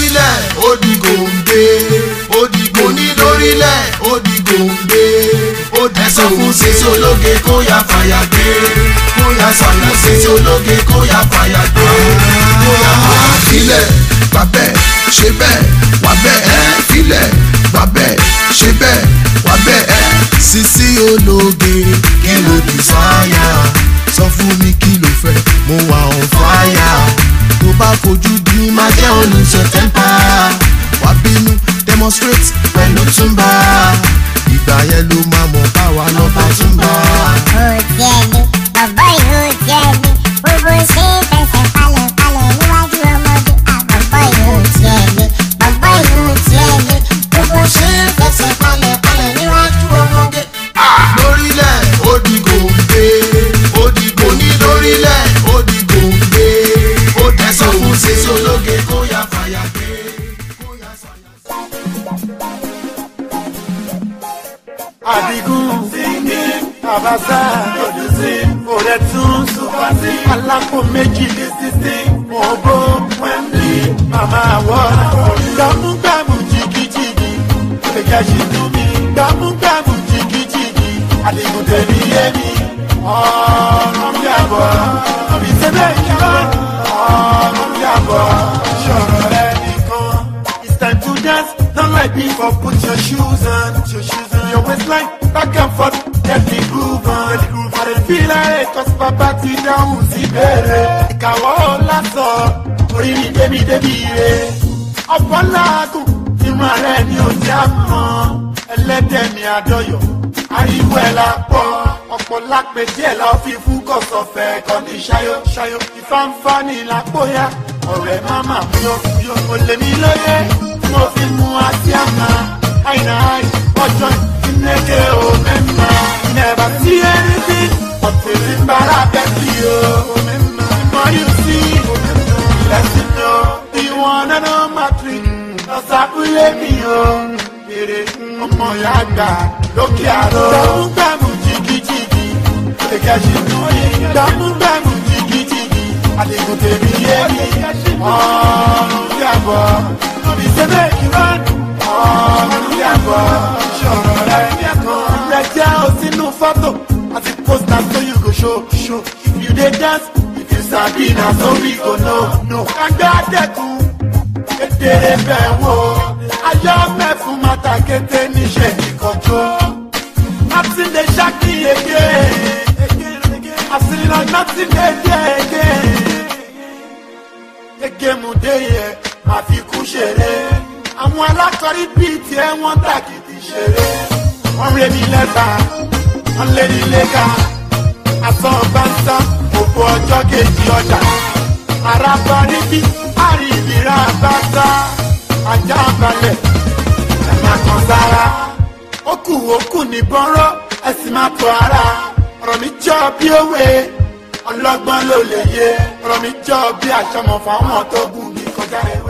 lórílẹ̀ ó di gòǹgbé ó di gòǹgbé òní lórílẹ̀ ó di gòǹgbé ó di gòǹgbé ẹ̀sọ́ fún sèse ológe kó yá fàyà gbé kó yá ẹ̀sọ́ fún sèse ológe kó yá fàyà gbé kó yá fàyà gbé. filẹ̀ gbà bẹ́ẹ̀ ṣe bẹ́ẹ̀ wà bẹ́ẹ̀ filẹ̀ gbà bẹ́ẹ̀ ṣe bẹ́ẹ̀ wà bẹ́ẹ̀. sisi ológe kí ló di sáyà sọ fún mi kí ló fẹ́ mo wà on fire tó bá fojú dín má jẹ́ oníṣẹ́ tẹ́ńpà. street pẹ̀lú túmbà ìgbà Adigun singing Abasa producing Oretun Supasi Alako méjì listing Obo Wembley Mama Wọ́lá Gbàmúgbàmù jìgìjìgì Gbèjà ṣìtú mi Gbàmúgbàmù jìgìjìgì Adigun tẹ̀lé yẹmi Ọ̀rọ̀ mi àbọ̀ Ọ̀bí sẹ́bẹ̀ ìjọba Ọ̀rọ̀ mi àbọ̀ Ṣọ̀rọ̀ ẹnìkan It's time to dance, don't like me for put your shoes on, put your shoes on your waistline back and forth get the groove on the i dey feel ẹ cause bàbá ti dáhùn sí bẹ̀rẹ̀ ìkàwọ́ lásọ orí mi débi débi re ọ̀pọ̀ làágùn irun ààrẹ ni ò já mọ́ ẹlẹ́dẹ̀ mi àdọ́yọ̀ ariwo ẹ̀ la pọ̀ ọ̀pọ̀ lápèjẹ́ la fi fún kọ̀sọ̀fẹ́ kọ́ ní ṣayó ṣayó ìfáǹfà ni làpóyà ọ̀rẹ́ má má fúyọ́ fúyọ́ mo lè mí lóye mo fi mu àti àmà àìnáà yeah, oh mama. Never see anything but feeling bad at that you, oh mama. The more you see, oh mama. Let you know you wanna know my trick. Cause I will let me on. Kere ọmọ ya gba lókè àrò. Dàmú gbàmù jìgìjìgì, àlèkà ṣì ń mọ èèyàn. Dàmú gbàmù jìgìjìgì, àlèkùn tèmi yé mi. Ọ̀run yàgò, òbí sẹ́mẹ̀ ìrọ̀lù. Ọ̀run yàgò for photo as a poster so you go show show if you dey dance if you sabi na so we go know no kagbe adẹkun kedere bẹ wo ayọ mẹfun mata kété níṣẹ ìkọjọ nothing dey ṣaki again asina nothing dey there again egemu dey yẹ àfikún ṣeré àwọn alákọrí bíi tiẹ̀ wọ́n tàkìtì ṣeré wọ́n rẹ́ mi lẹ́ta ńlẹ́nìlẹ́ka asán bá ń sán gbogbo ọjọ́ kejì ọjà àràbà níbi àríbìrà bá ń sá ajá balẹ̀ ẹ̀yà kan sára ókù ókù ní bọ́rọ́ ẹ̀sìn máa tọ́ ara ọ̀rọ̀ mi jọ bí òwe ọlọ́gbọ́n ló lè yé ọ̀rọ̀ mi jọ bí àṣọmọ̀ fáwọn tó gùn ní kọjá ewé.